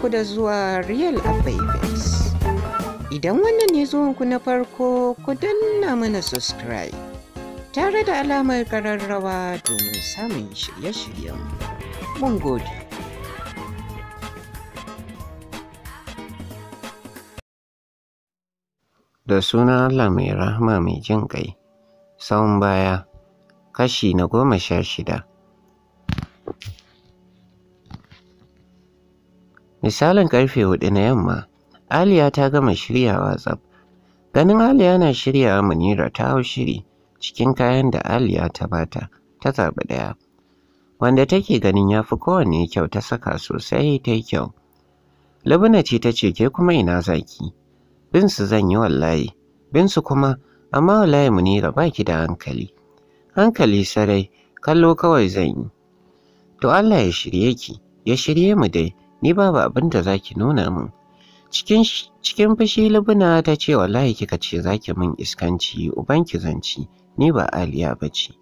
ku da zuwa Real Abavis. Idan wannan ne zuwanku na farko ku danna mana subscribe tare da alamar kararrawa domin samun shirye-shiryen. Mun gode. Da suna Allah mai rahama mai jin ƙai, saun baya, kashi na goma sha shida. Misalin karfe hudu na yamma, Aliya ta gama shiryawa tsaf. Ganin Aliya na shiryawa Munira ta hau shiri cikin kayan da Aliya ta bata, ta zaɓi ɗaya. Wanda take ganin ya fi kowanne kyau ta saka sosai ta yi kyau. Labuna ce ta ce ke kuma ina zaki. Bin su zan yi wallahi, bin su kuma amma wallahi Munira ba ki da hankali. Hankali sarai, kallo kawai zan yi. To Allah ya shirye ki, ya shirye mu dai. ni babu abin da zaki nuna min cikin cikin fushi libina ta ce wallahi kika ce zaki min iskanci ubanki zanci ni ba aliya bace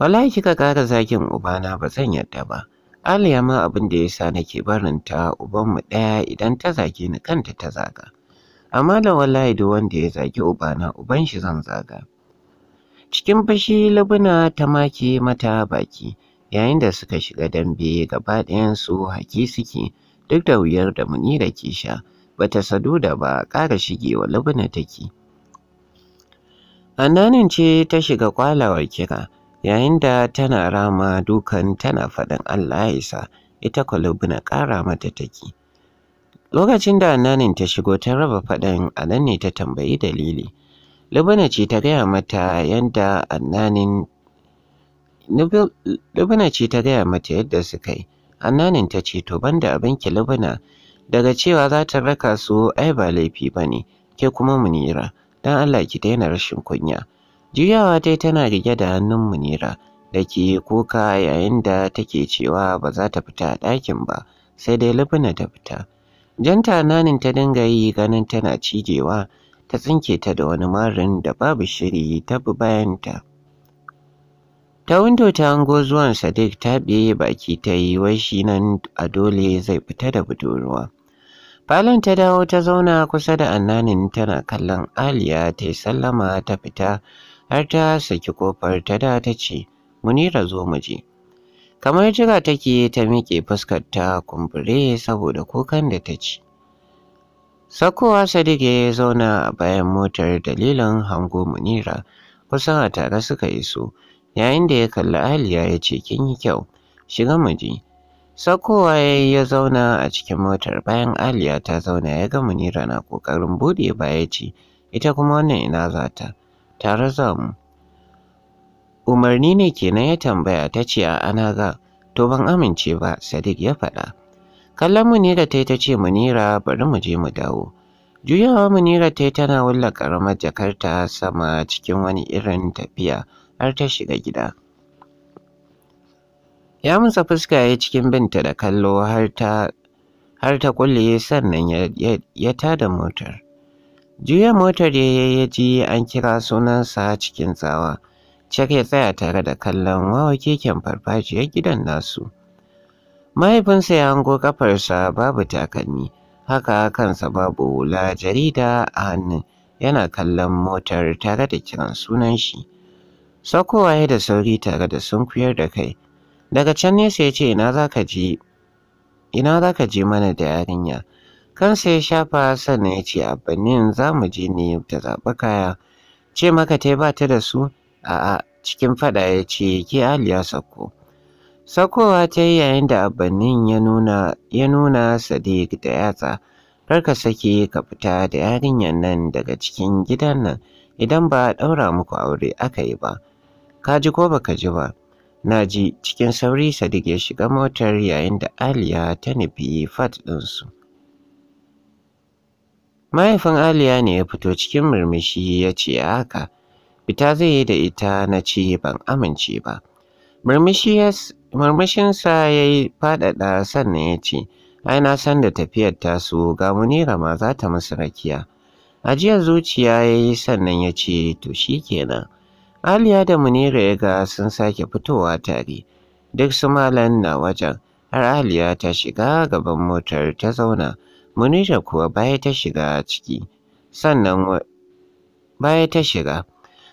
wallahi kika kara zakin ubana ba zan yadda ba aliya ma abin da yasa nake barin ta ubanmu ɗaya idan ta zage ni kanta ta zaga amma da wallahi duk wanda ya zage ubana uban shi zan zaga cikin fushi libina ta make mata baki yayin da suka shiga dambe gaba ɗayansu haki suke duk da wuyar da munira ke sha bata sadu da ba ƙara shigewa labuna take annanin ce ta shiga kwalawar kira yayin da tana rama dukan tana faɗin allah ya isa ita kwalubuna ƙara mata take lokacin da annanin ta shigo ta raba faɗin anan ne ta tambayi dalili labuna ce ta gaya mata yadda annanin Lubna ce ta gaya mata yadda suka yi. Annanin ta ce to banda ki Lubna daga cewa za ta raka su ai ba laifi ba ne ke kuma Munira don Allah ki daina rashin kunya. Juyawa dai tana rige da hannun Munira da ke kuka yayin da take cewa ba za ta fita a ɗakin ba sai dai Lubna ta fita. Janta nanin ta dinga yi ganin tana cijewa ta tsinke ta da wani marin da babu shiri ta bi bayanta. Ta windo ta hango zuwan Sadiq ta biye baki ta yi wai shi nan a dole zai fita da budurwa. Falon ta dawo ta zauna kusa da annanin tana kallon Aliya ta yi sallama ta fita har ta saki kofar ta da ta ce, Munira zo mu je. Kamar jira take ta miƙe fuskar ta kumbure saboda kukan da ta ci. Sakowa Sadiq ya zauna a bayan motar dalilin hango Munira kusan a tare suka iso. so. yayin da ya kalli Aliya ya ce kin yi kyau shiga mu je. Sakowa ya yi ya zauna a cikin motar bayan Aliya ta zauna ya ga Munira na ƙoƙarin buɗe baya ce ita kuma wannan ina za ta tare za mu. Umarni ne kenan ya tambaya ta ce a ana ga to ban amince ba Sadiq ya faɗa. Kallon Munira ta yi ta ce Munira bari mu je mu dawo. Juyawa Munira ta yi tana wulla ƙaramar jakarta sama cikin wani irin tafiya. har ta shiga gida. Ya musa fuska ya cikin binta da kallo har ta har ta sannan ya, ya, tada motar. Juya motar ya ya ji an kira sunansa cikin tsawa. Cak ya tsaya tare da kallon wawa keken farfajiyar gidan nasu. Mahaifinsa ya hango kafarsa babu takalmi, haka kansa babu hula jarida a hannun yana kallon motar tare da kiran sunan shi. Saukowa ya da sauri tare da sunkuyar da kai. Daga can nesa ya ce ina za ka je mana da yarinya. Kansa ya shafa sannan ya ce abbanin za mu je ne ta zaɓi kaya. Ce maka tai ba ta da su? A'a cikin faɗa ya ce ke aliya sauko. Saukowa ta yi yayin da abannin ya nuna ya nuna Sadiq da yatsa. Kar ka sake ka fita da yarinyar nan daga cikin gidan nan idan ba a ɗaura muku aure aka yi ba. Ka ji ko baka ji ba? Na ji cikin sauri Sadiq ya shiga motar yayin da Aliya ta nufi fat ɗinsu. Mahaifin Aliya ne ya fito cikin murmushi ya ce haka, fita zai yi da ita na ce ban amince ba. Murmushinsa ya yi faɗaɗa sannan ya ce, ai na san da tafiyar tasu ga munira ma za ta musu rakiya. Ajiyar zuciya ya yi sannan ya ce, to shi kenan. Aliya da Munira ya ga sun sake fitowa tare. Duk su malan na wajen, har Aliya ta shiga gaban motar ta zauna, Munira kuwa baya ta shiga ciki. Sannan baya ta shiga.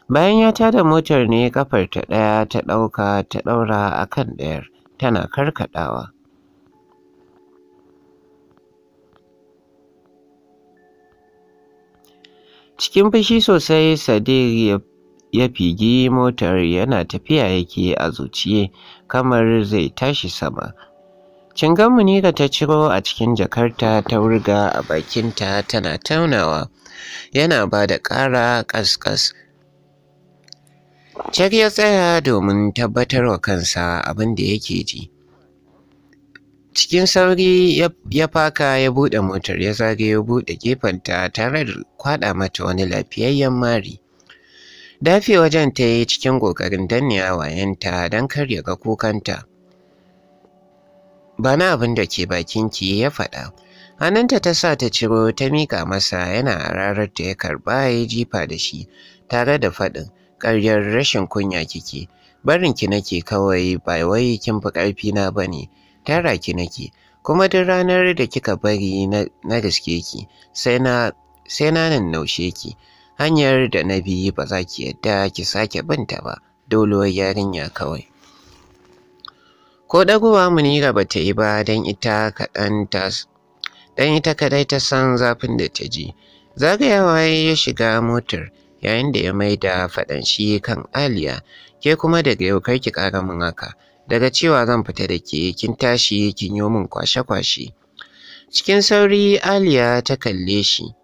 Bayan ya tada motar ne kafar ta ɗaya ta ɗauka ta ɗaura a kan ɗayar, tana karkaɗawa. Cikin fushi sosai Sadiq ya ya figi motar yana tafiya yake a zuciye kamar zai tashi sama cinganmu ne da ta ciro a cikin jakarta ta wurga a bakinta tana taunawa yana ba da ƙara ƙasƙas Cek ya tsaya domin tabbatar wa kansa abin da yake ji. Cikin sauri ya faka ya buɗe motar ya zage ya buɗe gefenta tare da kwaɗa mata wani lafiyayyen mari. Dafe wajen ta yi cikin ƙoƙarin danne wayenta don kar ga kukanta. Ba na abin da ke bakinki ya faɗa. Hannunta ta sa ta ciro ta miƙa masa yana rarar ta ya karɓa ya jifa da shi tare da faɗin karyar rashin kunya kike. Barinki nake kawai ba wai kin fi ƙarfina ba ne, tara ki nake. kuma duk ranar da kika bari na gaske ki sai na sai na nan naushe ki hanyar da na bi ba za ki yadda ki sake ta ba doluwar yarinya kawai ko ɗagowa munira ba ta yi ba don ita kaɗan ta dan ita kadai ta san zafin da ta ji zagayawa ya shiga motar yayin da ya mai da faɗan shi kan aliya ke kuma daga yau kai ki ƙara min haka daga cewa zan fita da ke kin tashi kin yi min kwashe-kwashe cikin sauri aliya ta kalle shi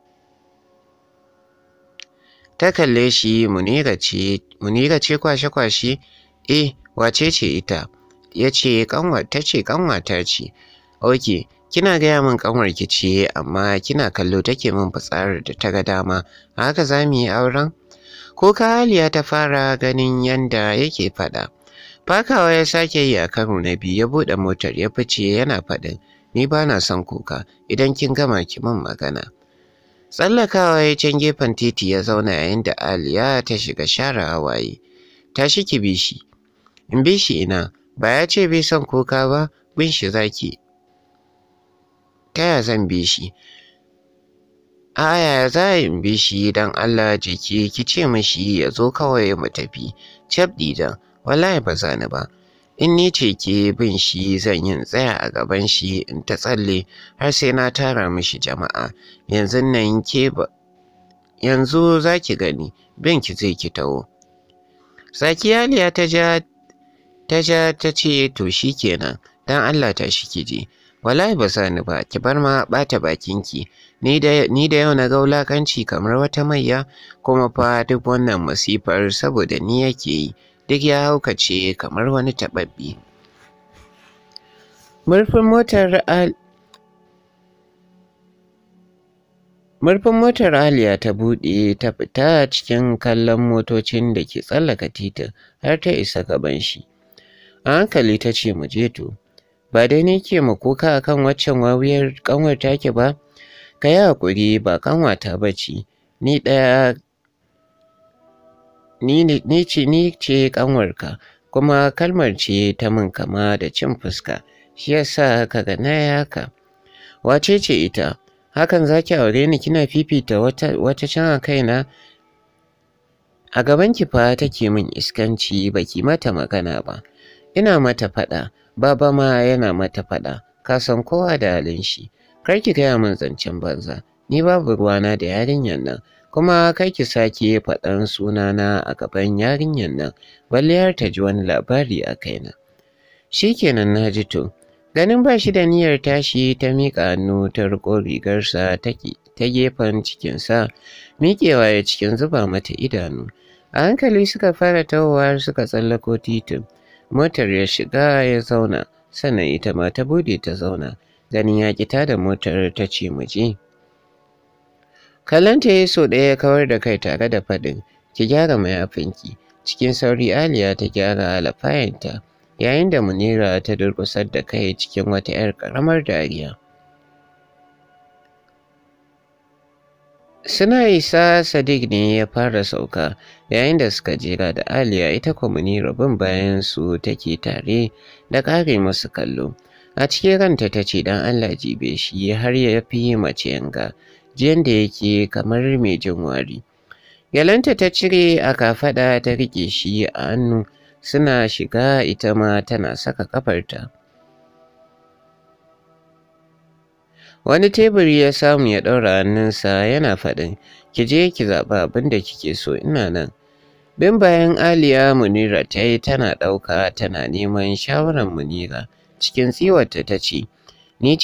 ta kalle shi munira ce munira ce kwashe-kwashe eh wace ce ita ya ce ta ce kanwata ce ok kina gaya min kanwar ki ce amma kina kallo take min fitsarar da ta ga dama haka za mu yi auren ko haliya ta fara ganin yanda yake faɗa fakawa ya sake yi a karo na biyu ya buɗe motar ya fice yana faɗin ni ba na son kuka idan kin gama ki min magana Tsallakawa ya can gefen titi ya zauna yayin da Aliya ta shiga share hawaye. Tashi ki bi shi. In bi shi ina, ba ya ce bai son kuka ba, bin shi zaki. Ta ya zan bi shi? Aya za a in bi shi don Allah jiki ki ce mashi ya zo kawai mu tafi. Cef didan, wallahi ba za ba. in ni ce ke bin shi zan yin tsaya a gaban shi in ta tsalle har sai na tara mishi jama'a yanzu nan ke ba yanzu za ki gani bin ki zai ki taho sakiyaliya ta ja ta ja ta ce to shi kenan don Allah ta shi ki je wallahi ba sani ba ki bar ma bata bakinki ni da yau na ga wulakanci kamar wata mayya kuma fa duk wannan masifar saboda ni yake yi duk ya haukace kamar wani taɓaɓɓe. Murfin motar Murfin Aliya ta buɗe ta fita cikin kallon motocin da ke tsallaka titin har ta isa gaban shi. A hankali ta ce mu je to, ba dai ni ke mu kuka kan waccan wawiyar kanwar take ba, ka yi hakuri ba kanwata ba ce, ni ɗaya ni ce ni ce kanwarka kuma kalmar ce ta min kama da cin fuska shi yasa kaga na haka wace ce ita hakan zaki aure ni kina fifita wata can a kaina a gaban ki fa take min iskanci baki mata magana ba ina mata faɗa baba ma yana mata faɗa ka san kowa da halin shi kar ki gaya min zancen banza ni babu ruwana da yarinyar nan kuma kai ki sake faɗan sunana a gaban yarinyar nan balle har ta ji wani labari a kaina shikenan na ji to ganin ba shi da niyyar tashi ta miƙa hannu ta riƙo rigarsa ta gefen cikinsa miƙewa ya cikin zuba mata idanu a hankali suka fara tahowa suka tsallako titin motar ya shiga ya zauna sannan ita ma ta bude ta zauna ganin ya ƙi da motar ta ce mu Kallonta ya so ɗaya ya kawar da kai tare da faɗin, ki gyara mayafinki. Cikin sauri Aliya ta gyara alafayanta yayin da Munira ta durƙusar da kai cikin wata 'yar ƙaramar dariya. Suna isa Sadiq ne ya fara sauka yayin da suka jira da Aliya ita munira bin bayan su take tare da ƙare masu kallo. A cikin ranta ta ce dan Allah jibe shi har ya fi mace yanga jiyan da yake kamar mai jin wari. Yalanta ta cire a kafaɗa ta rike shi a hannu suna shiga ita ma tana saka kafarta Wani teburi ya samu ya ɗaura hannunsa yana faɗin, ki je ki zaɓa abin da kike so ina nan. Bin bayan Aliya Munira ta yi tana ɗauka tana neman shawarar Munira cikin tsiwarta ta ce, Ni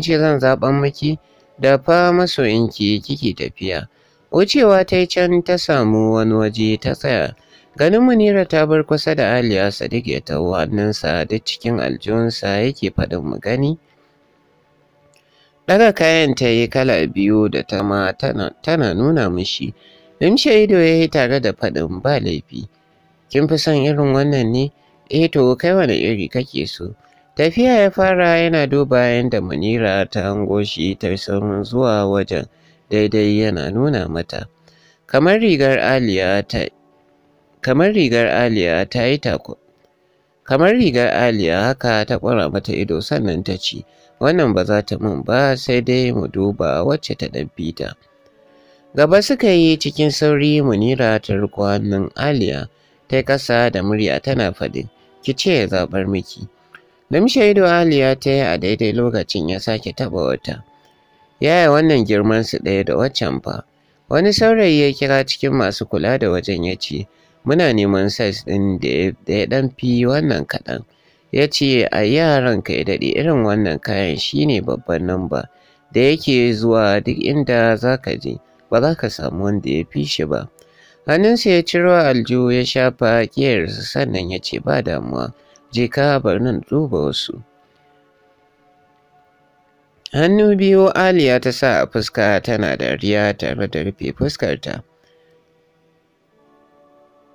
ce zan zaɓan miki? da fa masoyinki kike tafiya. Wucewa ta can ta samu wani waje ta tsaya. Ganin Munira ta bar kusa da Aliya Sadiq ya taho hannunsa da cikin aljihunsa yake faɗin mu gani. Daga kayan ta yi kala biyu da ta ma tana nuna mishi. ce ido ya yi tare da faɗin ba laifi. Kin fi son irin wannan ne? Eh to kai wani iri kake so? Tafiya ya fara yana duba yadda Munira ta hango shi ta saurin zuwa wajen daidai yana nuna mata. Kamar rigar Aliya ta kamar rigar Aliya yi tako. Kamar rigar Aliya haka ta ƙwara mata ido sannan ta ce, Wannan ba za ta mun ba sai dai mu duba wacce ta ɗan fita. Gaba suka yi cikin sauri Munira ta riko hannun Aliya ta ƙasa da murya tana faɗin, Ki ce zaɓar miki. Limshe ido ya ta yi a daidai lokacin ya sake taɓa wata. Ya yi wannan girman su ɗaya da waccan fa. Wani saurayi ya kira cikin masu kula da wajen ya ce, Muna neman size ɗin da ya ɗan fi wannan kaɗan. Ya ce, A yaran ka ya daɗe irin wannan kayan shi ne babban namba da yake zuwa duk inda za ka je, ba za ka samu wanda ya fi shi ba. Hannunsa ya ciro aljihu ya shafa ƙiyarsa sannan ya ce, Ba damuwa. je ka bar nan duba wasu hannu biyu aliya ta sa a fuska tana dariya tare da rufe fuskarta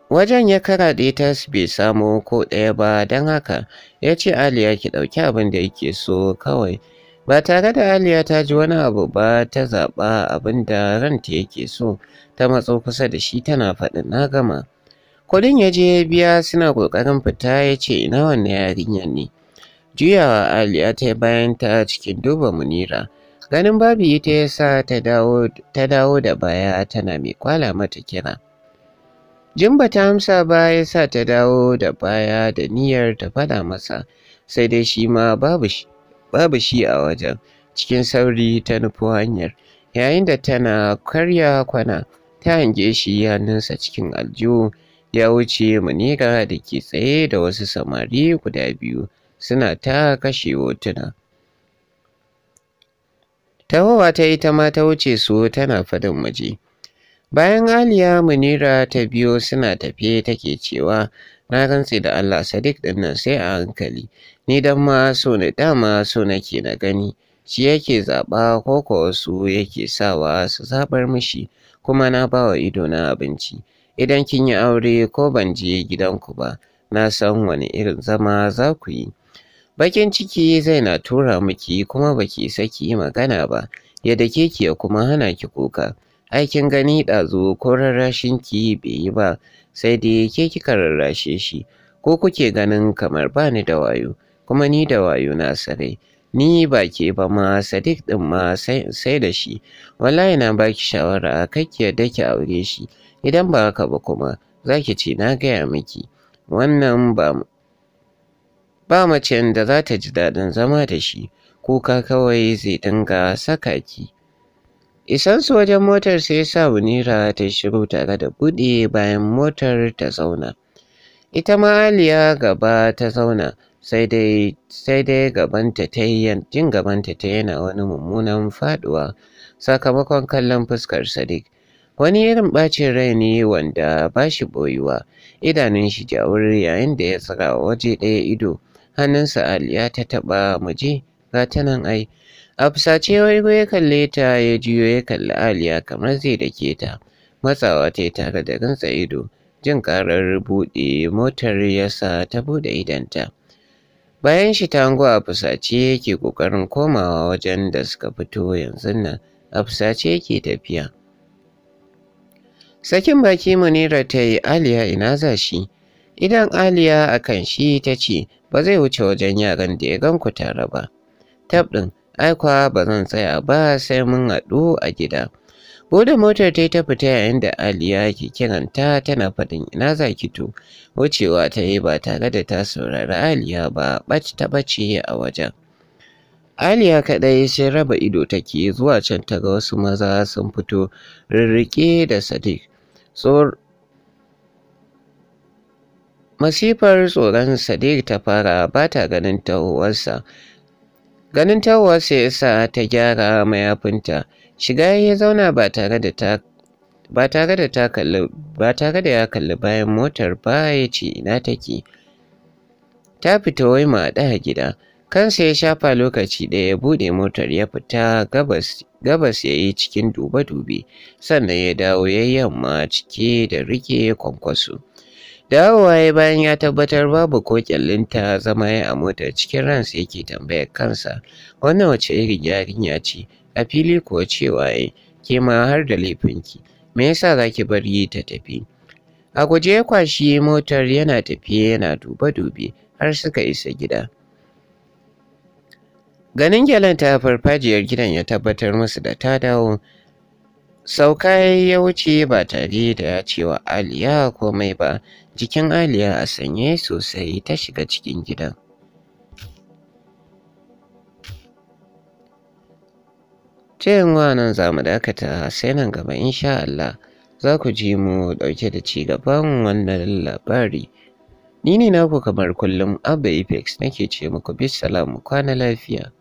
wajen ya karaɗe ta bai samo ko ɗaya ba don haka ya ce aliya ki ɗauki abin da yake so kawai ba tare da aliya ta ji wani abu ba ta zaɓa abin da ranta yake so ta matso kusa da shi tana faɗin na gama Kudin ya je biya suna ƙoƙarin fita ya ce ina wannan yarinyar ne. Juyawa ya ta bayan ta cikin duba Munira. Ganin babu ita ya sa ta dawo da baya tana mai kwala mata kira. Jimba ta amsa ba ya sa ta dawo da baya da niyyar ta faɗa masa, sai dai shi ma babu shi a wajen. Cikin sauri ta nufi hanyar, yayin da tana karya kwana ta hange shi hannunsa cikin aljihu ya wuce munira da ke tsaye da wasu samari guda biyu suna ta kashe hotuna. Tawawa ta yi ta ma ta wuce su tana fadin muje. Bayan Aliya Munira ta biyo suna tafe take cewa na rantse da Allah Sadiq din nan sai a hankali ni dan ma so ne dama so nake na gani shi yake zaɓa ko ko wasu yake sawa su zaɓar mishi kuma na bawa ido na abinci. Idan kin yi aure ko ban je gidanku ba, na san wani irin zama za ku yi. Bakin ciki zai na tura miki kuma baki saki magana ba, Yadda ke ki ya kuma hana ki kuka. Aikin gani ɗazu ko rarrashin ki bai yi ba, sai dai ke kika rarrashe shi. Ko kuke ganin kamar ba ni da wayo, kuma ni da wayo na sarai. ni ba ke ba ma sadiq din ma sai da shi wallahi na baki shawara kakki da ki aure shi idan ba haka ba kuma za ki ce na gaya miki wannan ba ba macen da za ta ji daɗin zama da shi kuka kawai zai dinga saka ki isansu wajen motar sai sa munira ta shiru tare da buɗe bayan motar ta zauna ita ma aliya gaba ta zauna sai dai sai dai gabanta ta yi jin gabanta ta yana wani mummunan faduwa sakamakon kallon fuskar Sadiq wani irin bacin rai ne wanda ba shi boyuwa idanun shi jawur yayin da ya tsira waje ɗaya ido hannunsa aliya ta taɓa muje ga ta nan ai a fusace waigo ya kalle ta ya jiyo ya kalli aliya kamar zai dake ta matsawa ta tare da gantsa ido jin karar buɗe motar yasa ta buɗe idanta Bayan shi tango a fusace yake ƙoƙarin komawa wajen da suka fito yanzu nan a fusace yake tafiya. Sakin baki Munira ta yi Aliya ina za shi, idan Aliya a kan shi ta ce ba zai wuce wajen yaran da ya gan ku tare ba. Tab ɗin, ai ba zan tsaya ba sai mun haɗu a gida. da motar ta yi ta fita yayin da ya ke kiranta tana faɗin ina za ki to. Wucewa ta yi ba tare da ta saurari Aliya ba ɓac ta ɓace a wajen. Aliya kaɗai sai raba ido take zuwa can ta ga wasu maza sun fito rirriƙe da Sadiq. Masifar tsoron Sadiq ta fara ba ta ganin tahowarsa. Ganin tahowarsa ya sa ta gyara mayafinta. Shiga ya zauna ba tare da ta ba da kalli ba tare da ya kalli bayan motar ba ya ce ina take. Ta fita wai ma ɗaya gida. Kansa ya shafa lokaci ɗaya ya buɗe motar ya fita gabas gabas ya yi cikin dube-dube sannan ya dawo ya yamma cike da rike kwankwaso. Dawowa ya bayan ya tabbatar babu ko ta zama ya a motar cikin ransa yake tambayar kansa wannan wace irin yarinya ce a fili kuwa cewa yi, ke ma har da laifinki me yasa zaki yi ta tafi a guje ya kwashi motar yana tafiye yana dube-dube har suka isa gida ganin gyalen ta farfajiyar gidan ya tabbatar musu da ta dawo sauka ya wuce ba tare da ya ce aliya komai ba jikin aliya a sanye sosai ta shiga cikin gidan cewa nan za dakata sai nan gaba insha Allah za ku ji mu ɗauke da ci gaban wannan labari. Ni ne naku kamar kullum Abba Apex nake ce muku bisalamu kwana lafiya.